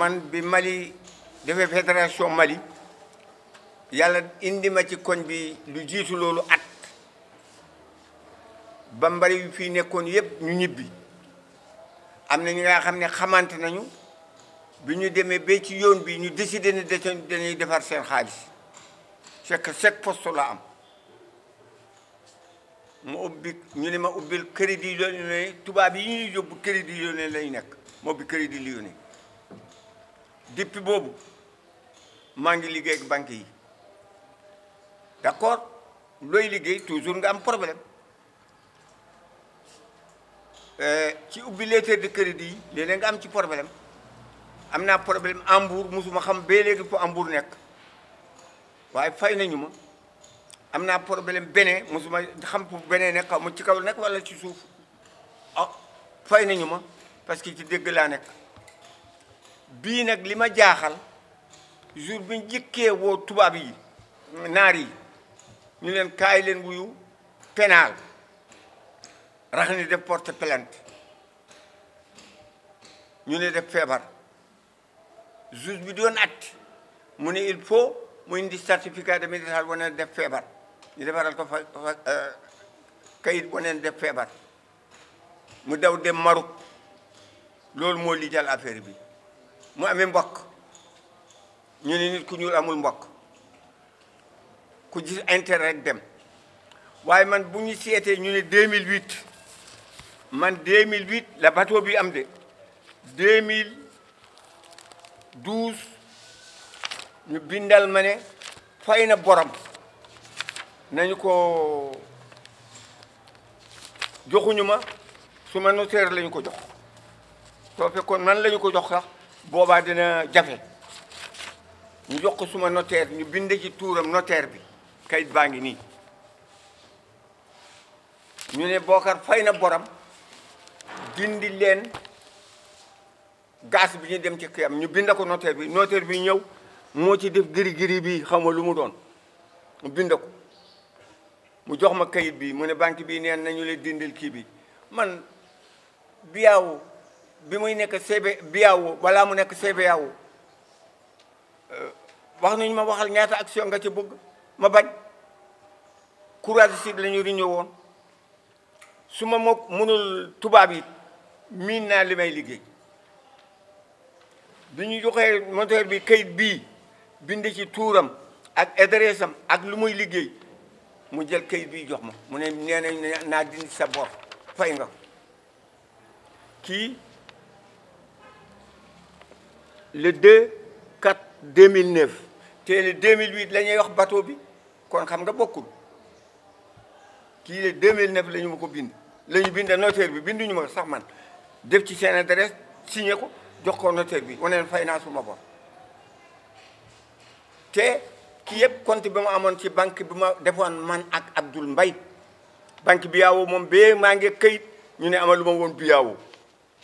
man bi Mali defee fédération Mali yàlla indi ma ci koñ bi lu jiitu loolu at ba mbari fii nekkoon yëpp ñu ñibbi am na ñu nga xam ne xamant nañu bi ñu demee ba ci yoon bi ñu décidé ne dañuy defar seen xaalis c'est que chaque poste la am mu ubbi ñu ne ma ubbil crédit lyonnais tubaab yi ñuy yóbbu crédit lyonnais lay nekk ma ubbi crédit lyonnais depuis boobu maa ngi liggéey ak banque yi d'accord looy liggéey toujours nga am problème euh, ci ubbi lettre de crédit yi léeg nga am ci problème am naa problème Mbour musuma xam ba léegi fu Mbour nekk waaye fay nañu ma am naa problème beneen musuma xam fu beneen nekk xaw ma ci kaw nekk wala ci suuf ah fay nañu ma parce que ci dégg laa nekk bii nag li ma jaaxal jour bi njëkkee woo tubaab yi naar ñu leen kaay leen wuyu pénal rax ni def porte plainte ñu ne def feebar juge bi doon at mu ne il faut mu indi certificat de médical wane def feebar ñu defaral ko fa euh, kayit wane def feebar mu daw dem Maroc loolu moo lijal affaire bi mu ame mbokk ñu ne nit ku ñuul amul mbokk ku ji intérêt rek dem waaye man bu ñu seetee ñu ne 2008 man 2008 la bateau bi am de 2012 ñu bindal ma ne fay na borom nañu ko joxuñu ma su ma notaire lañu ko jox soo fekkoon man lañu ko jox sax. boobaa dina jafe ñu jox ko suma notaire ñu bind ci tuuram notaire bi kayit baa ngi nii ñu ne Bocar fay na boram dindi leen gaz bi ñu dem ci kiyam ñu bind ko notaire bi notaire bi ñëw moo ci def giri giri bi xam nga lu mu doon mu bind ko mu jox ma kayit bi mu ne banque bi neen nañu la dindil kii bi man biyaaw bi muy nekk CB BAO balaa mu nekk CBAO euh, wax nañu ma waxal ñaata action nga ci bëgg ma bañ courage si lañu riñoo woon su ma moo mënul tubaab yi miin naa li may liggéey bi ñu joxee moteur bi kayit bii bind ci tuuram ak adresse ak lu muy liggéey mu jël kayit bi jox ma mu ne nee nañ naa dindi sa bor fay nga le 2 4 2009 te le 2008 la ñuy wax bateau bi kon xam nga bokkul kii le 2009 la ñu ma ko bind la ñu bind notaire bi binduñu ma sax man def ci seen adresse signé ko jox ko notaire bi waneen fay naa suma bor te ki yëpp compte bi ma amoon ci banque bi ma defoon man ak Abdoul Mbaye banque bi yaawoo moom bee maa ngi këyit ñu ne amaluma woon bi yaawoo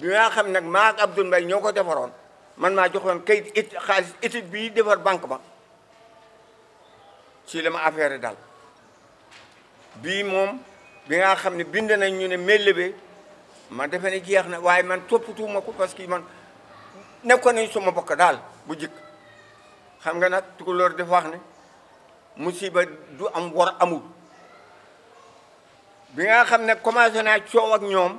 bi nga xam nag ma ak Abdoul Mbaye ñoo ko defaroon man jox joxoon kayit it xaalis étude bii defar banque ba ci la ma affaire daal bii moom bi nga xam ne bind nañ ñu ne mélébé ma defe ni jeex na waaye man toppatuuma ko parce que man nekkoon nañ sama bokk daal bu jëkk xam nga nag tukulóor def wax ne musiba du am war amul bi nga xam ne commencé naa coow ak ñoom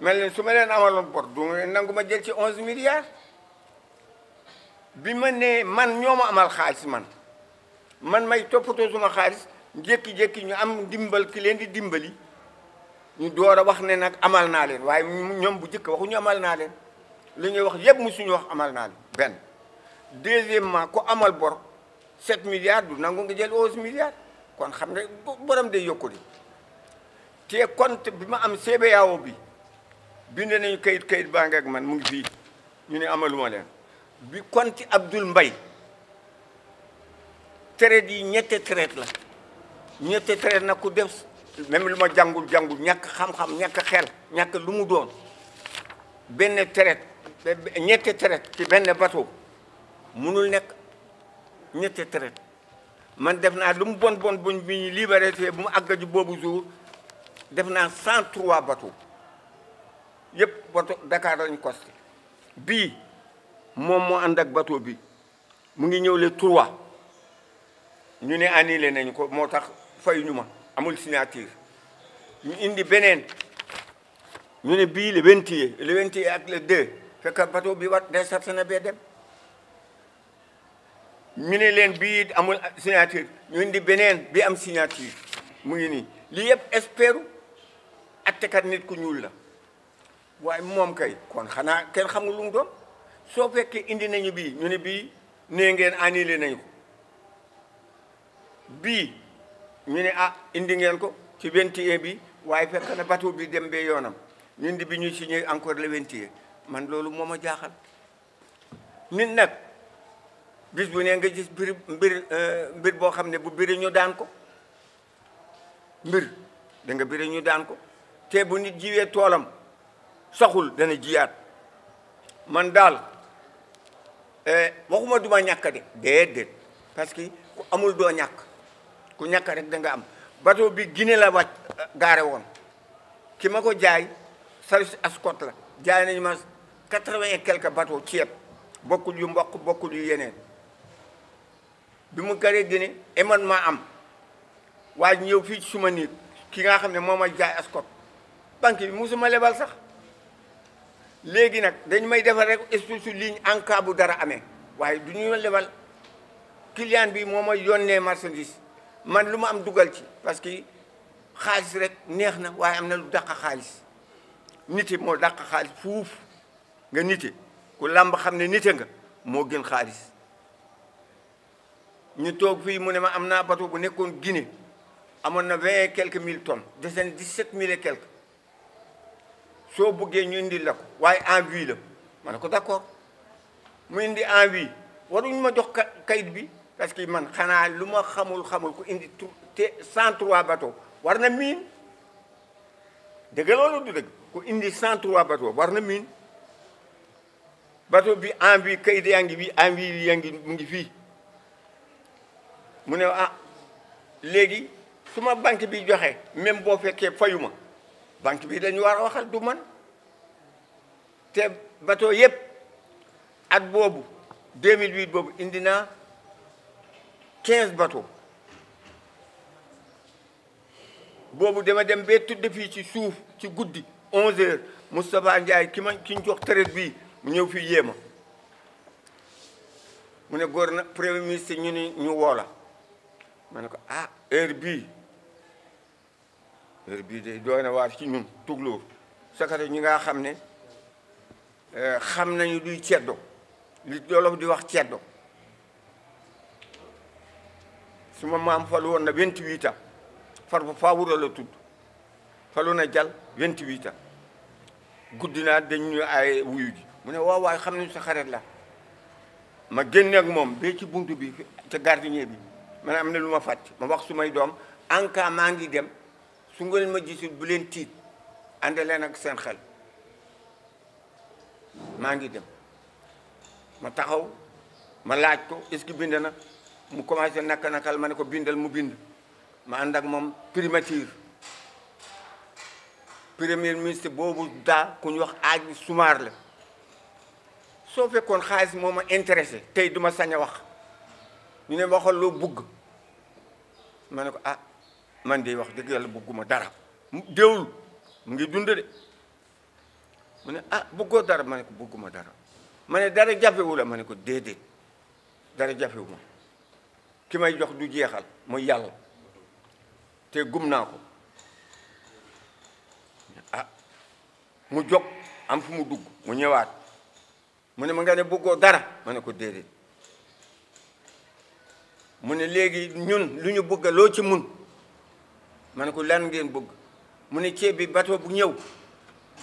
mel ne su ma leen amaloon bor du ma nangu ma jël ci onze milliards bi ma nee man ñoo ma amal xaalis man man may toppatoo suma xaalis jékki-jékki ñu am dimbal ki leen di dimbali ñu door a wax ne nag amal naa leen waaye ñoom bu jëkk waxuñu amal naa leen li ñuy wax yëpp musuñu wax amal naa leen benn deuxièmement ku amal bor sept milliards du nangu nga jël onze milliards kon xam ne borom day yokku di te compte bi ma am CBAO bi binde nañu kayit kayit baa ngi man mu ngi fii ñu ne amaluma leen bi konti Abdoul mbay traite yi ñette traite la ñette traite nag ku def même lu ma jàngul jàngul ñàkk xam-xam ñàkk xel ñàkk lu mu doon benn traite ñette traite ci benn bateau munul nekk ñette traite man def naa lu mu bon bon buñ bi ñu libéré bu mu àggaju boobu jour def naa 103 bateaux yëpp bato Dakar lañ bii moom moo ànd ak bateau bi mu ngi ñëw le trois ñu ne annulé nañu ko moo tax fayuñu ma amul signature ñu indi beneen ñu ne bii le vingt et le vingt et ak le deux fekk bateau bi wat deserte na bee dem ñu ne leen bii amul signature ñu indi beneen bi am signature mu ngi nii lii yëpp espéru attekat nit ku ñuul la waaye moom kay kon xanaa kenn xamul lu mu doon soo fekkee indi nañu bii ñu ne bii nee ngeen annulé nañu ko bii ñu ne a ah indi ngeen ko ci 21 bi waaye fekk na bateau bi dem bee yoonam ñun di bi ñu signé encore le 21 man loolu moom a jaaxal nit nag bis bu ne nga gis mbir mbir euh, mbir boo xam ne bu biri ñu daan ko mbir danga nga biri ñu daan ko te bu nit jiwee toolam saxul dana jiyaat man daal eh, waxuma duma ñàkk de déedéet parce que ku amul doo ñàkk ku ñàkk rek da nga am bato bi Guinée la wàcc eh, gaare woon ki ma ko jaay service ascot la jaay nañu ma quatre-vingt et bato ci ceeb bokkul yu mboq bokkul yu yeneen bi mu garee Guinée eman maa am waaye ñëw fii suma nit ki nga xam ne moo ma jaay ascot banque bi musuma sax légui nak dañ may defal rek espèce ligne en cas bu dara amé waye duñu ñu client bi moma yonné marchandise man luma am dugal ci parce que xaalis rek neexna waye amna lu dakk xaalis nite mo dakk xaalis fouf nga nite ku làmb xamné nite nga mo gën xaalis ñu tok fi mu ne ma amna bateau bu nekkoon guiné amoon na vingt quelques mille tonnes de na dix et quelques So ñu indi la ko envie la d'accord. ko d'accord mu indi envie waruñ ma jox kayit bi parce que man xana luma xamul xamul ko indi 103 bateau warna min lolu du indi 103 bateau warna min bi envie kayit envie yaa mu ngi fi mu ne ah léegi suma banque bi joxe même bo fekke fayuma banque bi dañu war waxal du man té bato yépp at bobu 2008 bobu indina 15 bato bobu dama dem bé tudd fi ci souf ci goudi 11h Moustapha Ndiaye ki ma ki ñu jox traite bi mu ñëw fi yéma mu ne góor na premier ministre ñu ñu wola mané ko ah heure bi heure bii de doy na waar ci ñun tuglóor sakate ñi nga xam ne eh, xam nañu duy ceddo li Jolof di wax ceddo suma maam falu woon na vingt-huit ans far bu faawura la tudd falu na jal vingt-huit guddi naa dañ ay wuyu ji mu ne waaw waay xam nañu sa xarit la ma génne moom bee ci buntu bi ca gardien bi man am na lu ma fàcc ma wax su may doom en cas ngi dem su ngeen ma gisul bu leen tiit ànd leen ak seen xel maa ngi dem ma taxaw ma laaj ko est-ce bind na mu commencé naka nakal ma ne ko bindal mu bind ma ànd ak moom primature premier ministre boobu daa ku ñu wax Hadji Soumaré la soo fekkoon xaalis moo ma intéressé tey duma sañ wax ñu ne waxal loo bugg ma ne ko ah man de wax dëgg yàlla bëgguma dara déewul mu ngi dund de mu ne ah bëggoo dara ma ne ko bëgguma dara ma ne dara jafewu la ma ne ko déedéet dara jafewu ma ki may jox du jeexal mooy yàlla te gum naa ko ah, mu jóg am fu mu dugg mu ñëwaat mu ne ma nga ne bëggoo dara ma ne ko déedéet mu ne léegi ñun lu ñu bëgg loo ci mun ma ne ko lan ngeen bëgg mu ne ceeb bi bateau bu ñëw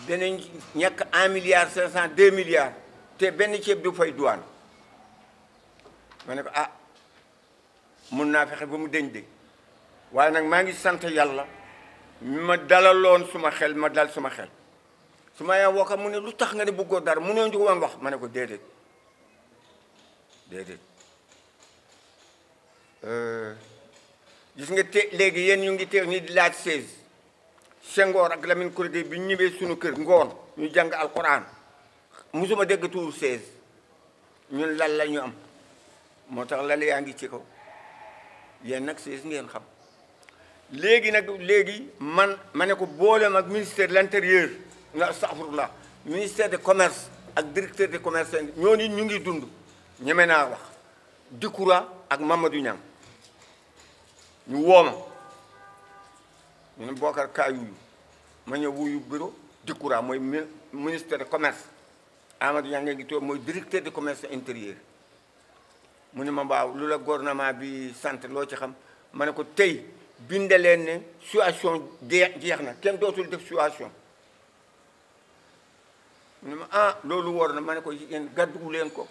danañ ñàkk un milliard cinq cent deux milliards te benn ceeb du fay douane ma ne ko ah mun naa fexe ba mu deñ de waaye nag maa ngi sant yàlla ma dalaloon suma xel ma dal suma xel su ma yaa wooka mu ne lu tax nga ne bëggoo dara munoo ñu woon wax ma ne ko déedéet déedéet euh, gis nga te léegi yéen ñu ngi teew nii di laaj seize Senghor ak Lamine Khoury Gueye bi ñu ñëwee suñu kër ngoon ñu jàng alquran musuma dégg tuur seize ñun lal la ñu am moo lal yaa ngi ci kaw yéen nag seize ngeen xam léegi nag léegi man ma ne ko boolem ak ministère de l'intérieur nga astaghfirullah ministère de commerce ak directeur de commerce ñoo nit ñu ngi dund ñeme naa wax Dikura ak Mamadou Niang ñu wooma ñu ne Bocar Kayuyu ma vou ir bureau Dikura mooy ministro de comércio, Amadou Ndiangue gi toog mooy directeur de commerce intérieur mu ne ma waaw lu la gouvernement bi sant loo ci xam ma ne ko tey binde leen ne situation jeex na kenn dootul def situation ah loolu war na ma ne ko yéen gàddugu leen ko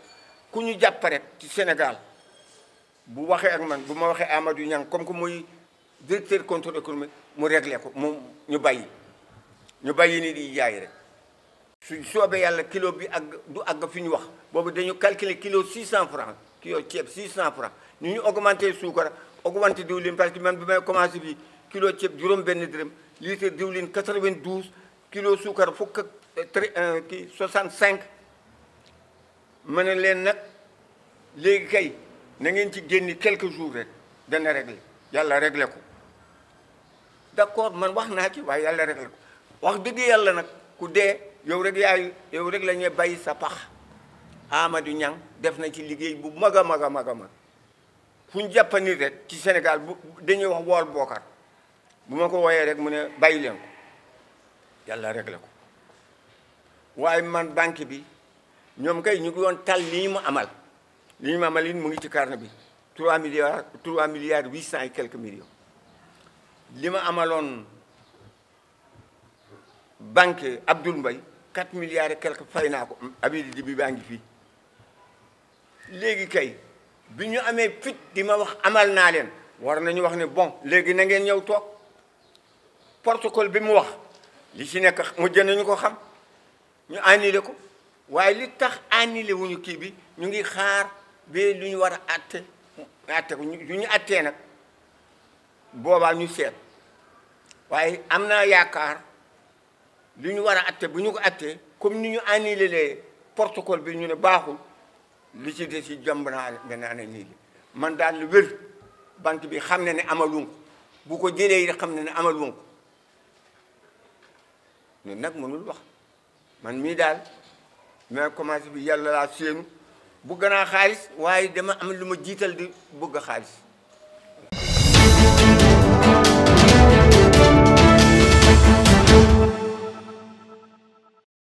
ku ñu bu waxee ak man bu ma waxee Amadou ñang comme que muy directeur contrôle économique mu réglé ko mu ñu bàyyi ñu bàyyi ni di jaay rek su sobe yalla kilo bi ak du ag fi ñu wax bobu dañu calculer kilo 600 francs kilo ceeb 600 francs ñu ñu augmenter sucre augmenté diwlin parce que man bu may commencé bi kilo ceeb juróom benn dërëm litre diwlin 92 kilo sucre fuk ak 65 euh, euh, ma ne leen nag kay na ngeen ci génn quelques jours rek dana réglé yàlla réglé ko d'accord man wax naa ci waaye yàlla réglé ko wax dëgg yàlla nag ku dee yow rek yaay yow rek la ñuy bàyyi sa pax Amadou Niang def na ci liggéey bu mag a mag a mag a mag fu ñu rek ci Sénégal bu dañuy wax wool bookar bu ma ko wooyee rek mu ne bàyyi leen ko yàlla regle ko waaye man banque bi ñoom kay ñu ngi doon tal lii mu amal l'imam Aline mu ngi ci carnet bi 3 milliards 3 milliards 800 et quelques millions li amalon banque Abdoul Mbaye 4 milliards et quelques fay naa ko habilité bi baa ngi fii léegi kay bi ñu amee fit di ma wax amal naa leen war nañu wax ne bon léegi na ngeen ñëw toog protocole bi mu wax li ci nekk mujj nañu ko xam ñu annulé ko waaye li tax annulé wuñu kii bi ñu ngi xaar bi lu ñu war a àtte àtte ko lu ñu àttee nag boobaa ñu seet waaye am naa yaakaar lu ñu war a àtte bu ñu ko àttee comme ni ñu annulé le protocole bi ñu ne baaxul li ci des yi jomb naa naa ne nii man daal lu wér banque bi xam ne ne amaluñ ko bu ko jëlee yi xam ne ne amaluñ ko ñun nag mënul wax man mii daal mais commencé bi yàlla laa séenu bëgg naa xaalis waaye dama am lu ma jiital di bëgg xaalis